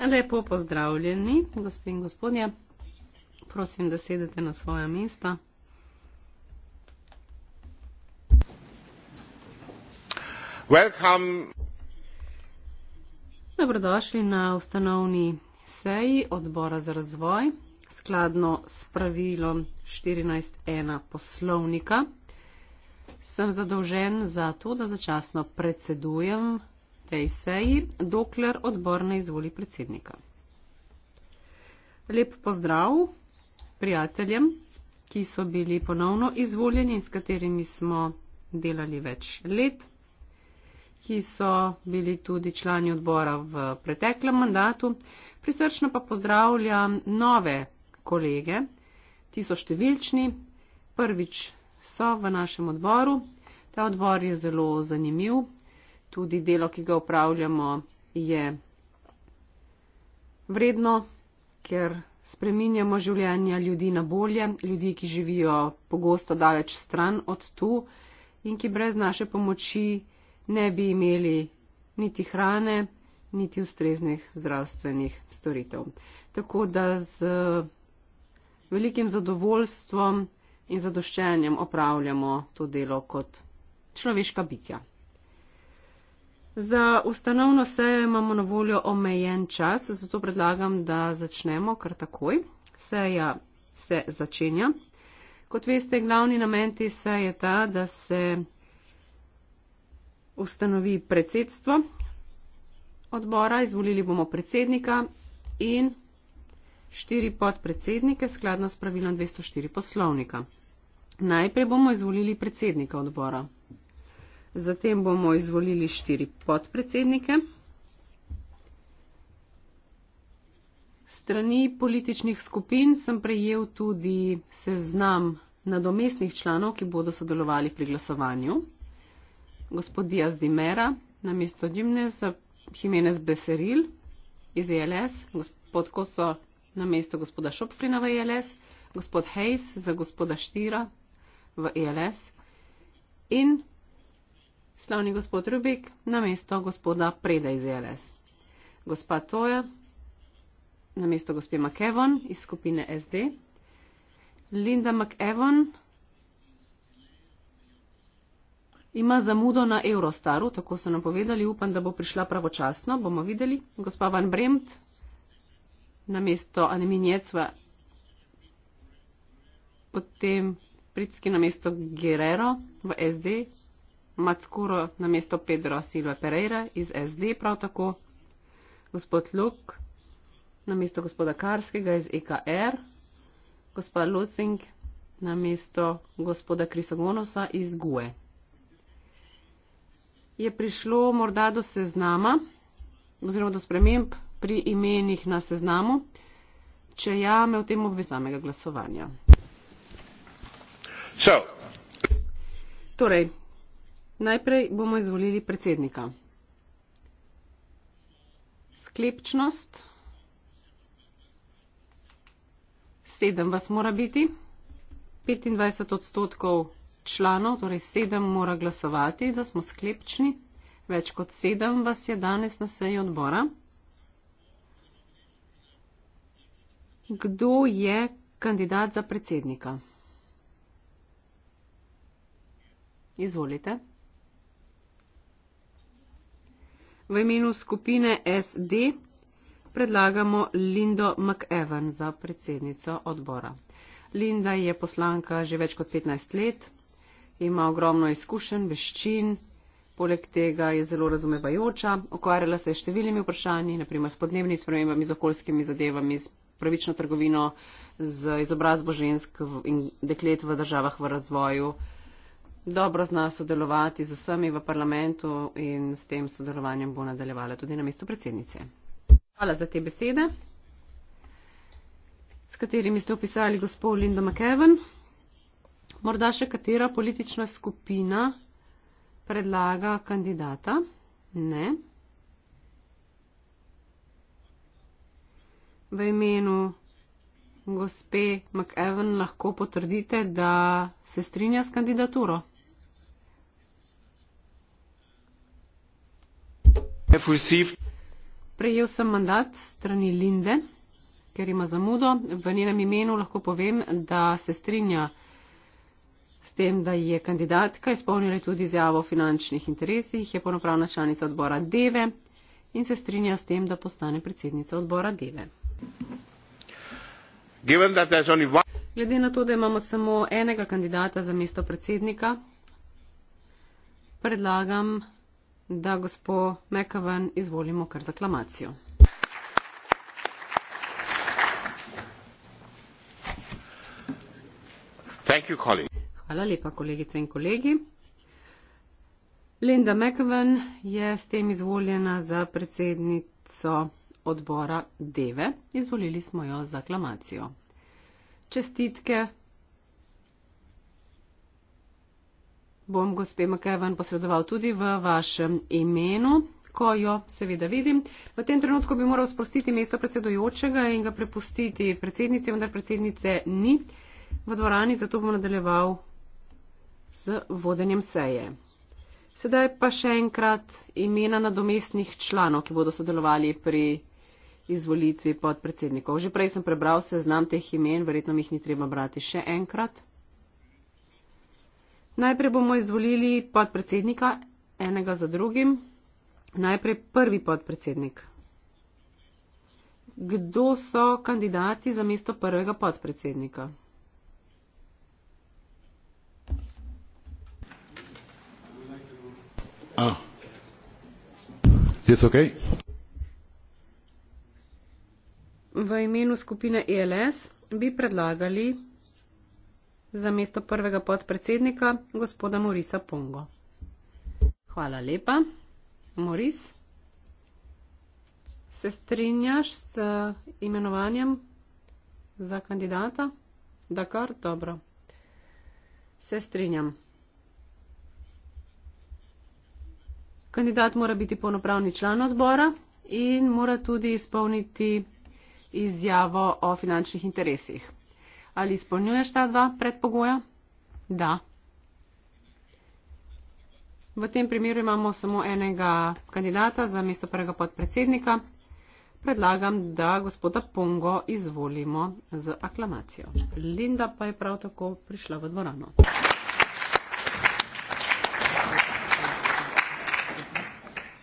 Lepo pozdravljeni, gospod in gospodje. Prosim, da sedete na svoja mesta. Welcome. Dobrodošli na ustanovni seji odbora za razvoj. Skladno s pravilom 14.1 poslovnika sem zadolžen za to, da začasno predsedujem tej seji, dokler odbor ne izvoli predsednika. Lep pozdrav prijateljem, ki so bili ponovno izvoljeni in s katerimi smo delali več let, ki so bili tudi člani odbora v preteklem mandatu. Prisrčno pa pozdravljam nove kolege, ti so številčni, prvič so v našem odboru. Ta odbor je zelo zanimiv, tudi delo, ki ga upravljamo, je vredno, ker spreminjamo življenja ljudi na bolje, ljudi, ki živijo pogosto daleč stran od tu in ki brez naše pomoči ne bi imeli niti hrane, niti ustreznih zdravstvenih storitev. Tako da z velikim zadovoljstvom in zadoščenjem opravljamo to delo kot človeška bitja. Za ustanovno sejo imamo na voljo omejen čas, zato predlagam, da začnemo kar takoj. Seja se začenja. Kot veste, glavni namen te seje je ta, da se ustanovi predsedstvo odbora, izvolili bomo predsednika in štiri podpredsednike skladno s pravilom 204 poslovnika. Najprej bomo izvolili predsednika odbora. Zatem bomo izvolili štiri podpredsednike. Strani političnih skupin sem prejel tudi seznam nadomestnih članov, ki bodo sodelovali pri glasovanju. Gospod Diaz Dimera, na mesto Gimnez, Jimenez Beseril iz ELS, gospod Koso, na mesto gospoda Šopfrina v ELS, gospod Hayes za gospoda Štira v ELS in Slavni gospod Rubik, na mesto gospoda Preda iz e LS. Gospa Toja, na mesto gospe McEvon iz skupine SD. Linda McEvon ima zamudo na Eurostaru, tako so nam povedali. Upam, da bo prišla pravočasno. Bomo videli. Gospa Van Bremt, na mesto Aneminjecva. Potem Pritski na mesto Guerrero v SD. Mackuro na mesto Pedro Silva Pereira iz SD prav tako, gospod Luk na mesto gospoda Karskega iz EKR, gospod Lusing na mesto gospoda Krisogonosa iz GUE. Je prišlo morda do seznama oziroma do sprememb pri imenih na seznamu, če ja, me v tem obvezi samega glasovanja. So. Torej, Najprej bomo izvolili predsednika. Sklepčnost. Sedem vas mora biti. 25 odstotkov članov, torej sedem mora glasovati, da smo sklepčni. Več kot sedem vas je danes na seji odbora. Kdo je kandidat za predsednika? Izvolite. v imenu skupine SD predlagamo Lindo McEwan za predsednico odbora. Linda je poslanka že več kot 15 let, ima ogromno izkušen, veščin, poleg tega je zelo razumevajoča, okvarjala se je številnimi vprašanji, naprimer s podnebnimi spremembami, z okoljskimi zadevami, s pravično trgovino, z izobrazbo žensk in deklet v državah v razvoju, dobro zna sodelovati z vsemi v parlamentu in s tem sodelovanjem bo nadaljevala tudi na mestu predsednice. Hvala za te besede, s katerimi ste opisali gospod Lindo McEwen. Morda še katera politična skupina predlaga kandidata? Ne. V imenu gospe McEwen lahko potrdite, da se strinja s kandidaturo. have received. Prejel sem mandat strani Linde, ker ima zamudo. V njenem imenu lahko povem, da se strinja s tem, da je kandidatka izpolnila tudi izjavo o finančnih interesih, je ponopravna članica odbora Deve in se strinja s tem, da postane predsednica odbora Deve. Glede na to, da imamo samo enega kandidata za mesto predsednika, predlagam da gospo Mekavan izvolimo kar zaklamacijo. Hvala lepa, kolegice in kolegi. Linda McEwen je s tem izvoljena za predsednico odbora DEVE. Izvolili smo jo za aklamacijo. Čestitke bom gospe McEwan posredoval tudi v vašem imenu, ko jo seveda vidim. V tem trenutku bi moral sprostiti mesto predsedujočega in ga prepustiti predsednici, vendar predsednice ni v dvorani, zato bom nadaljeval z vodenjem seje. Sedaj pa še enkrat imena nadomestnih članov, ki bodo sodelovali pri izvolitvi podpredsednikov. Že prej sem prebral seznam teh imen, verjetno mi jih ni treba brati še enkrat. Najprej bomo izvolili podpredsednika enega za drugim. Najprej prvi podpredsednik. Kdo so kandidati za mesto prvega podpredsednika? Je to ok? V imenu skupine ELS bi predlagali za mesto prvega podpredsednika, gospoda Morisa Pongo. Hvala lepa. Moris, se strinjaš z imenovanjem za kandidata? Da kar dobro. Se strinjam. Kandidat mora biti polnopravni član odbora in mora tudi izpolniti izjavo o finančnih interesih. Ali izpolnjuješ ta dva predpogoja? Da. V tem primeru imamo samo enega kandidata za mesto prvega podpredsednika. Predlagam, da gospoda Pongo izvolimo z aklamacijo. Linda pa je prav tako prišla v dvorano.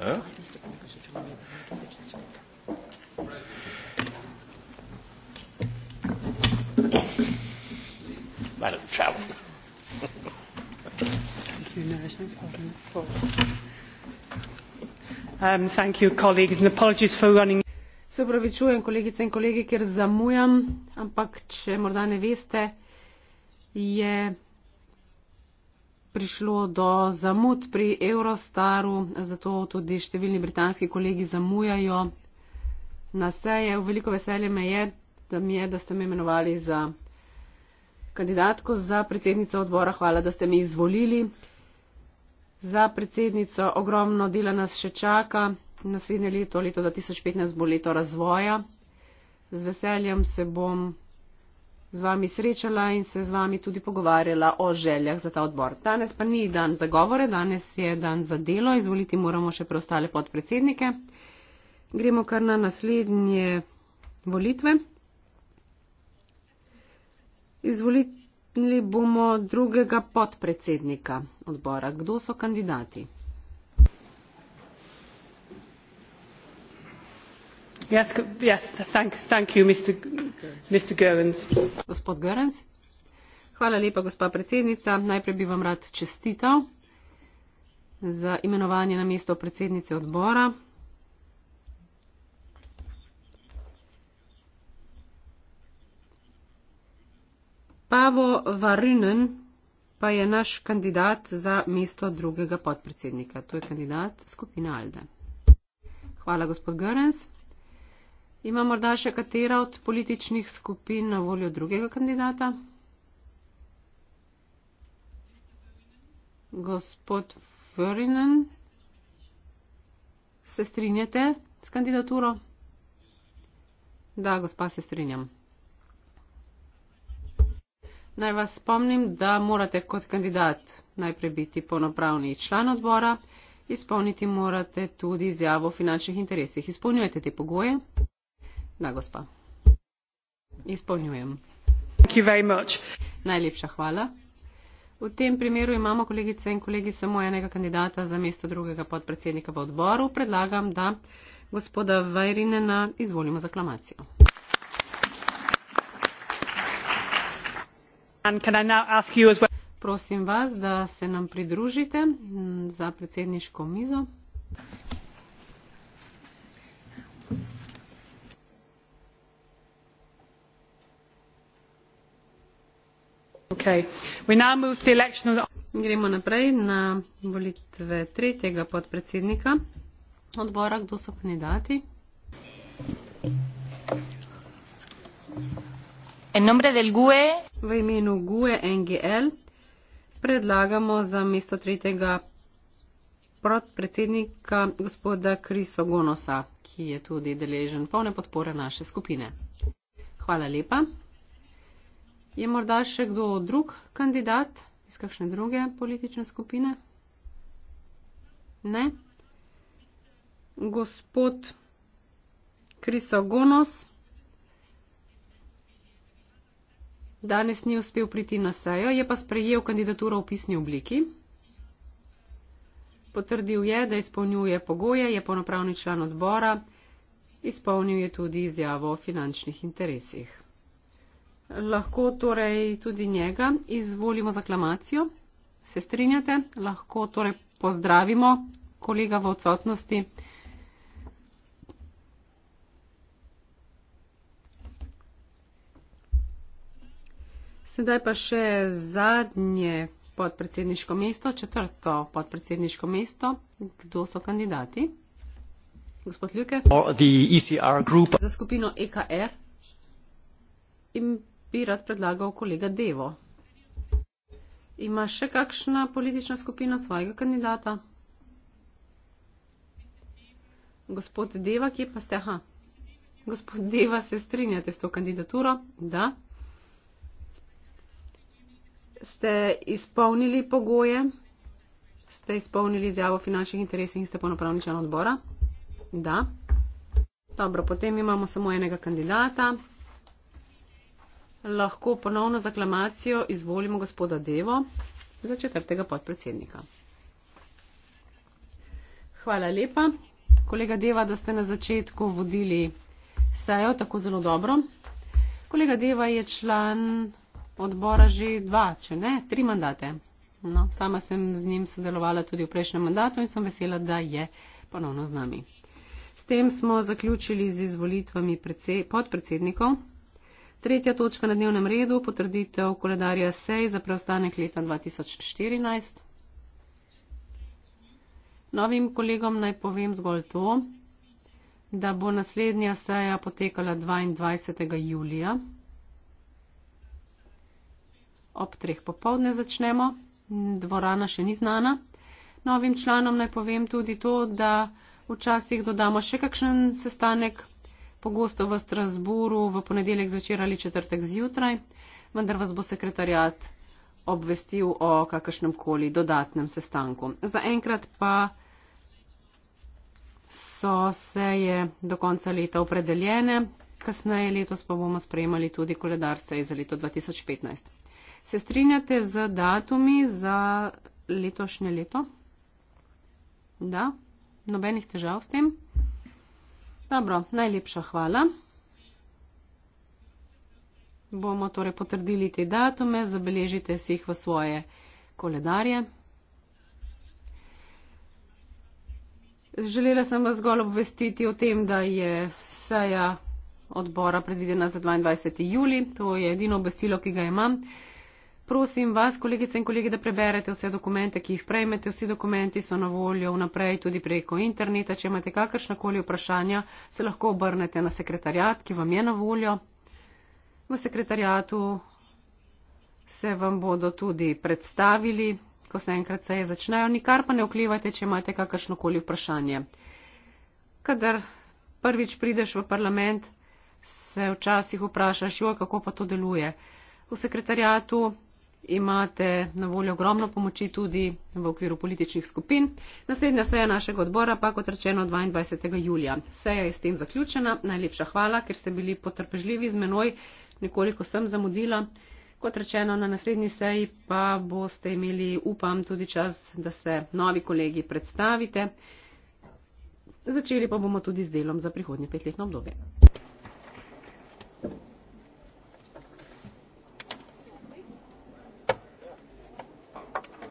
Eh? Um, Se upravičujem, kolegice in kolegi, ker zamujam, ampak če morda ne veste, je prišlo do zamud pri Eurostaru, zato tudi številni britanski kolegi zamujajo na seje. Veliko veselje me je, da, mi je, da ste me imenovali za kandidatko za predsednico odbora. Hvala, da ste me izvolili za predsednico. Ogromno dela nas še čaka. Naslednje leto, leto 2015, bo leto razvoja. Z veseljem se bom z vami srečala in se z vami tudi pogovarjala o željah za ta odbor. Danes pa ni dan za govore, danes je dan za delo. Izvoliti moramo še preostale podpredsednike. Gremo kar na naslednje volitve. Izvolite. Imeli bomo drugega podpredsednika odbora. Kdo so kandidati? Yes, yes, thank, thank you, Mr. Gerens. Gospod Gerens. Hvala lepa, gospa predsednica. Najprej bi vam rad čestital za imenovanje na mesto predsednice odbora. Paavo Varinen pa je naš kandidat za mesto drugega podpredsednika. To je kandidat skupine Alde. Hvala, gospod Görens. Ima morda še katera od političnih skupin na voljo drugega kandidata? Gospod Varinen, se strinjate s kandidaturo? Da, gospa, se strinjam. Naj vas spomnim, da morate kot kandidat najprej biti ponopravni član odbora, izpolniti morate tudi izjavo o finančnih interesih. Izpolnjujete te pogoje? Da, gospa. Izpolnjujem. Najlepša hvala. V tem primeru imamo kolegice in kolegi samo enega kandidata za mesto drugega podpredsednika v odboru. Predlagam, da gospoda Vajrinena izvolimo za aklamacijo. prosim vas da se nam pridružite za predsedniško mizo gremo naprej na volitve tretjega podpredsednika odbora kdo so kandidati En nombre del GUE. V imenu GUE NGL predlagamo za mesto tretjega predsednika gospoda Kriso Gonosa, ki je tudi deležen polne podpore naše skupine. Hvala lepa. Je morda še kdo drug kandidat iz kakšne druge politične skupine? Ne. Gospod Kriso Gonos. danes ni uspel priti na sejo, je pa sprejel kandidaturo v pisni obliki. Potrdil je, da izpolnjuje pogoje, je ponopravni član odbora, izpolnil je tudi izjavo o finančnih interesih. Lahko torej tudi njega izvolimo za klamacijo. Se strinjate? Lahko torej pozdravimo kolega v odsotnosti. Sedaj pa še zadnje podpredsedniško mesto, četrto podpredsedniško mesto. Kdo so kandidati? Gospod Ljuke? E Za skupino EKR. In bi rad predlagal kolega Devo. Ima še kakšna politična skupina svojega kandidata? Gospod Deva, kje pa ste? Aha. Gospod Deva, se strinjate s to kandidaturo? Da ste izpolnili pogoje, ste izpolnili izjavo finančnih interesov in ste ponopravni član odbora? Da. Dobro, potem imamo samo enega kandidata. Lahko ponovno za klamacijo izvolimo gospoda Devo za četrtega podpredsednika. Hvala lepa, kolega Deva, da ste na začetku vodili sejo tako zelo dobro. Kolega Deva je član odbora že dva, če ne, tri mandate. No, sama sem z njim sodelovala tudi v prejšnjem mandatu in sem vesela, da je ponovno z nami. S tem smo zaključili z izvolitvami podpredsednikov. Tretja točka na dnevnem redu, potrditev koledarja sej za preostanek leta 2014. Novim kolegom naj povem zgolj to, da bo naslednja seja potekala 22. julija ob treh popovdne začnemo, dvorana še ni znana. Novim članom naj povem tudi to, da včasih dodamo še kakšen sestanek, pogosto v Strasburu, v ponedeljek zvečer ali četrtek zjutraj, vendar vas bo sekretarjat obvestil o kakršnem koli dodatnem sestanku. Za enkrat pa so se je do konca leta opredeljene, kasneje letos pa bomo sprejemali tudi koledarce za leto 2015. Se strinjate z datumi za letošnje leto? Da? Nobenih težav s tem? Dobro, najlepša hvala. Bomo torej potrdili te datume, zabeležite si jih v svoje koledarje. Želela sem vas zgolj obvestiti o tem, da je seja odbora predvidena za 22. juli. To je edino obvestilo, ki ga imam prosim vas, kolegice in kolegi, da preberete vse dokumente, ki jih prejmete. Vsi dokumenti so na voljo vnaprej tudi preko interneta. Če imate kakršnakoli vprašanja, se lahko obrnete na sekretarjat, ki vam je na voljo. V sekretarjatu se vam bodo tudi predstavili, ko se enkrat seje začnejo. Nikar pa ne vklivajte, če imate kakršnakoli vprašanje. Kadar prvič prideš v parlament, se včasih vprašaš, jo, kako pa to deluje. V sekretarjatu imate na voljo ogromno pomoči tudi v okviru političnih skupin. Naslednja seja našega odbora pa, kot rečeno, 22. julija. Seja je s tem zaključena. Najlepša hvala, ker ste bili potrpežljivi z menoj. Nekoliko sem zamudila. Kot rečeno, na naslednji seji pa boste imeli, upam, tudi čas, da se novi kolegi predstavite. Začeli pa bomo tudi z delom za prihodnje petletno obdobje.